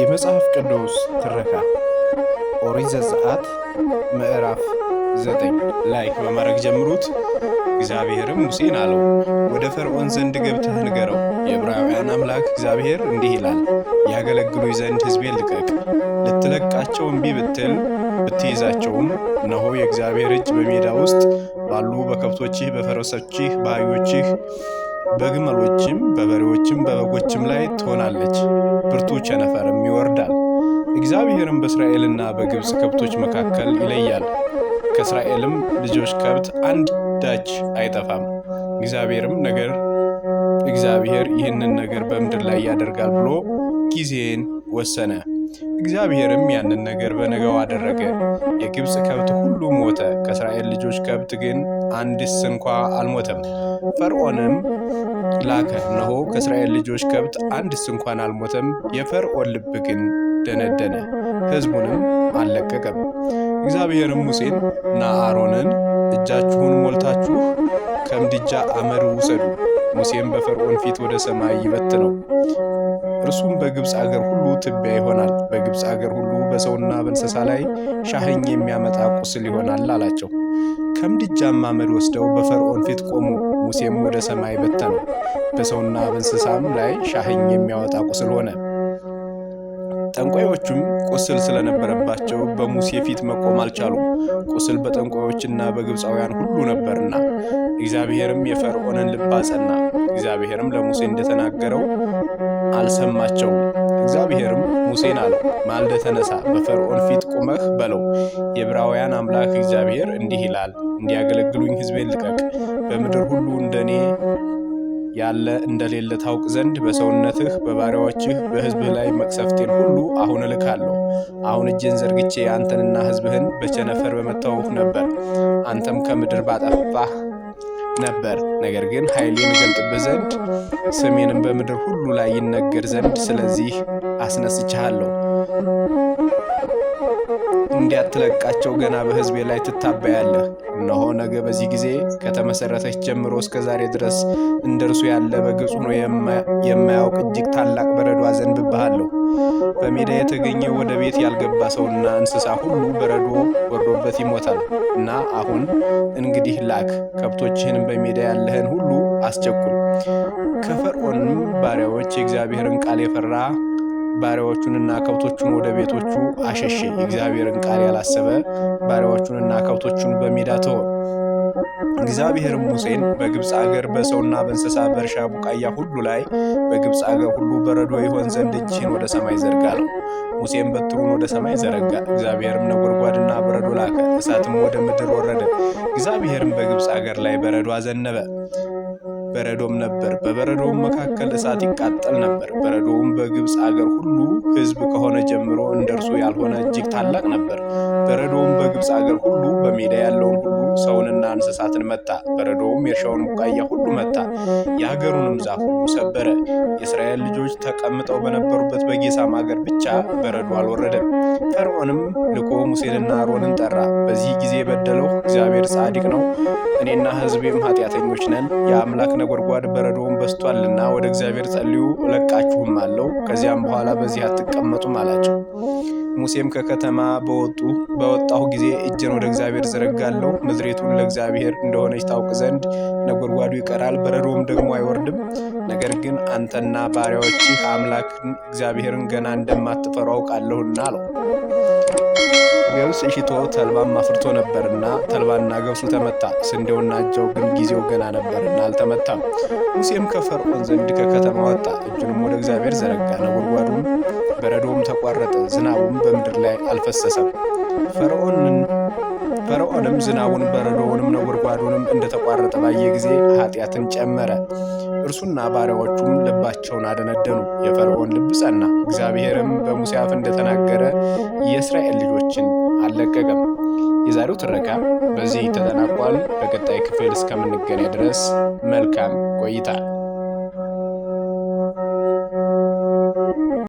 የመጽሐፍ ቅዱስ ትረካ ኦሪት ሰዓት ምዕራፍ ዘጠኝ ላይክ በማድረግ ጀምሩት። እግዚአብሔርም ሙሴን አለው፣ ወደ ፈርዖን ዘንድ ገብተህ ንገረው፣ የዕብራውያን አምላክ እግዚአብሔር እንዲህ ይላል፣ ያገለግሉኝ ዘንድ ሕዝቤን ልቀቅ። ልትለቃቸው እምቢ ብትል ብትይዛቸውም፣ እነሆ የእግዚአብሔር እጅ በሜዳ ውስጥ ባሉ በከብቶችህ፣ በፈረሶችህ፣ በአህዮችህ በግመሎችም በበሬዎችም በበጎችም ላይ ትሆናለች። ብርቱ ቸነፈርም ይወርዳል። እግዚአብሔርም በእስራኤልና በግብፅ ከብቶች መካከል ይለያል። ከእስራኤልም ልጆች ከብት አንዳች አይጠፋም። እግዚአብሔርም ነገር እግዚአብሔር ይህንን ነገር በምድር ላይ ያደርጋል ብሎ ጊዜን ወሰነ። እግዚአብሔርም ያንን ነገር በነገው አደረገ። የግብፅ ከብት ሁሉ ሞተ፣ ከእስራኤል ልጆች ከብት ግን አንዲስ እንኳ አልሞተም። ፈርዖንም ላከ፣ እነሆ ከእስራኤል ልጆች ከብት አንዲስ እንኳን አልሞተም። የፈርዖን ልብ ግን ደነደነ፣ ሕዝቡንም አልለቀቀም። እግዚአብሔርም ሙሴን እና አሮንን እጃችሁን ሞልታችሁ ከምድጃ አመድ ውሰዱ፣ ሙሴም በፈርዖን ፊት ወደ ሰማይ ይበት ነው እርሱም በግብፅ አገር ሁሉ ትቢያ ይሆናል፣ በግብፅ አገር ሁሉ በሰውና በእንስሳ ላይ ሻህኝ የሚያመጣ ቁስል ይሆናል አላቸው። ከምድጃም አመድ ወስደው በፈርዖን ፊት ቆሙ። ሙሴም ወደ ሰማይ በተነው፣ በሰውና በእንስሳም ላይ ሻህኝ የሚያወጣ ቁስል ሆነ። ጠንቋዮቹም ቁስል ስለነበረባቸው በሙሴ ፊት መቆም አልቻሉም፣ ቁስል በጠንቋዮችና በግብፃውያን ሁሉ ነበርና። እግዚአብሔርም የፈርዖንን ልብ አጸና፣ እግዚአብሔርም ለሙሴ እንደተናገረው አልሰማቸውም። እግዚአብሔርም ሙሴን አለው፣ ማልደ ተነሳ፣ በፈርዖን ፊት ቁመህ በለው፣ የዕብራውያን አምላክ እግዚአብሔር እንዲህ ይላል፣ እንዲያገለግሉኝ ሕዝቤን ልቀቅ፣ በምድር ሁሉ እንደኔ ያለ እንደሌለ ታውቅ ዘንድ በሰውነትህ በባሪያዎችህ በሕዝብህ ላይ መቅሰፍቴን ሁሉ አሁን እልካለሁ። አሁን እጄን ዘርግቼ አንተንና ሕዝብህን በቸነፈር በመታወቅ ነበር፣ አንተም ከምድር ባጠፋህ ነበር። ነገር ግን ኃይሌን እገልጥብህ ዘንድ ስሜንም በምድር ሁሉ ላይ ይነገር ዘንድ ስለዚህ አስነስቻሃለሁ። እንዲያትለቃቸው ገና በሕዝቤ ላይ ትታበያለህ። እነሆ ነገ በዚህ ጊዜ ከተመሰረተች ጀምሮ እስከ ዛሬ ድረስ እርሱ ያለ በግብፅ ሆኖ የማያውቅ እጅግ ታላቅ በረዶ አዘንብብሃለሁ። በሜዳ የተገኘ ወደ ቤት ያልገባ ሰውና እንስሳ ሁሉ በረዶ ወርዶበት ይሞታል እና አሁን እንግዲህ ላክ፣ ከብቶችህንም በሜዳ ያለህን ሁሉ አስቸኩል። ከፈርዖንም ባሪያዎች የእግዚአብሔርን ቃል የፈራ ባሪያዎቹንና ከብቶቹን ወደ ቤቶቹ አሸሸ። የእግዚአብሔርን ቃል ያላሰበ ባሪያዎቹንና ከብቶቹን በሜዳ ተወ። እግዚአብሔር ሙሴን በግብፅ አገር በሰውና በእንስሳ በእርሻ ቡቃያ ሁሉ ላይ በግብፅ አገር ሁሉ በረዶ ይሆን ዘንድ እጅህን ወደ ሰማይ ዘርጋ አለው። ሙሴም በትሩን ወደ ሰማይ ዘረጋ። እግዚአብሔርም ነጎድጓድና በረዶ ላከ፣ እሳትም ወደ ምድር ወረደ። እግዚአብሔርም በግብፅ አገር ላይ በረዶ አዘነበ። በረዶም ነበር። በበረዶውም መካከል እሳት ይቃጠል ነበር። በረዶውም በግብፅ አገር ሁሉ ሕዝብ ከሆነ ጀምሮ እንደርሱ ያልሆነ እጅግ ታላቅ ነበር። በረዶውም በግብፅ አገር ሁሉ በሜዳ ያለውን ሁሉ ሰውንና እንስሳትን መታ። በረዶውም የእርሻውን ቡቃያ ሁሉ መታ፣ የሀገሩንም ዛፍ ሁሉ ሰበረ። የእስራኤል ልጆች ተቀምጠው በነበሩበት በጌሳም አገር ብቻ በረዶ አልወረደም። ፈርዖንም ልኮ ሙሴንና አሮንን ጠራ። በዚህ ጊዜ የበደለው እግዚአብሔር ጻድቅ ነው፣ እኔና ሕዝቤም ኃጢአተኞች ነን የአምላክ ነጎድጓድ በረዶውን በስቷልና ወደ እግዚአብሔር ጸልዩ እለቃችሁም አለው። ከዚያም በኋላ በዚህ አትቀመጡም አላቸው። ሙሴም ከከተማ በወጡ በወጣሁ ጊዜ እጄን ወደ እግዚአብሔር ዘረጋለሁ፣ ምድሪቱን ለእግዚአብሔር እንደሆነች ታውቅ ዘንድ ነጎድጓዱ ይቀራል፣ በረዶም ደግሞ አይወርድም። ነገር ግን አንተና ባሪያዎች አምላክን እግዚአብሔርን ገና እንደማትፈሩ አውቃለሁና አለው። ገብስ እሽቶ ተልባም አፍርቶ ነበርና ተልባና ገብሱ ተመታ፣ ስንዴውና አጃው ግን ጊዜው ገና ነበርና አልተመታም። ሙሴም ከፈርዖን ዘንድ ከከተማ ወጣ፣ እጁንም ወደ እግዚአብሔር ዘረጋ፣ ነጎድጓዱም በረዶውም ተቋረጠ፣ ዝናቡም በምድር ላይ አልፈሰሰም። ፈርዖንም ዝናቡን በረዶውንም ነጎድጓዱንም እንደተቋረጠ ባየ ጊዜ ኃጢአትን ጨመረ። እርሱና ባሪያዎቹም ልባቸውን አደነደኑ፣ የፈርዖን ልብ ጸና። እግዚአብሔርም በሙሴ አፍ እንደተናገረ የእስራኤል ልጆችን አልለቀቀም። የዛሬው ትረካ በዚህ ተጠናቋል። በቀጣይ ክፍል እስከምንገናኝ ድረስ መልካም ቆይታ